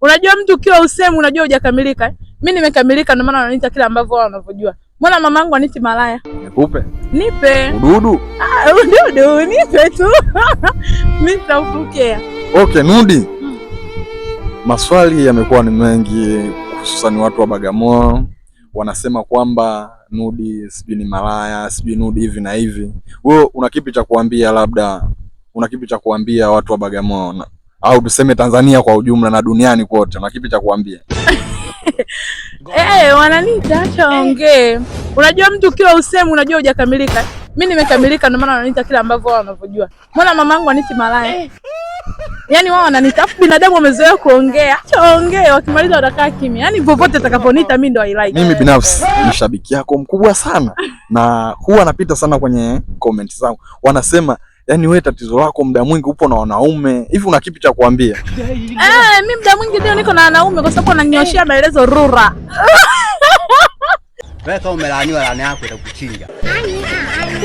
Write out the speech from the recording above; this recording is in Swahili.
Unajua mtu ukiwa usemi unajua hujakamilika. Mimi eh? nimekamilika ndio maana wananiita kila ambavyo wao wanavyojua. Mbona mamangu aniti malaya? Nikupe. Nipe. Ududu. Ah, ududu nipe tu. Mimi nitakupokea. Okay, Nudi. Hmm. Maswali yamekuwa ni mengi hususan watu wa Bagamoyo wanasema kwamba Nudi sijui ni malaya, sijui Nudi hivi na hivi. Wewe una kipi cha kuambia labda una kipi cha kuambia watu wa Bagamoyo au tuseme Tanzania kwa ujumla na duniani kote, na kipi cha kuambia? Eh, eh, wananiita acha ongee. Hey. Unajua mtu kila usemi unajua hujakamilika. Mimi nimekamilika, ndio maana wananiita kila ambavyo wao wanavyojua. Mbona mamangu aniti malaya? Hey. Yaani wao wananiita, afu binadamu wamezoea kuongea. Acha ongee, wakimaliza watakaa kimya. Yaani popote atakaponiita mimi ndio I like. Mimi binafsi ni shabiki yako mkubwa sana na huwa napita sana kwenye comment zangu. Wanasema Yaani wewe tatizo lako muda mwingi upo na wanaume. Hivi una kipi cha kuambia? Eh, mimi muda mwingi ndio niko na wanaume kwa sababu ananyoshia maelezo rura. Wewe kama umelaaniwa laana yako itakuchinja. Ah,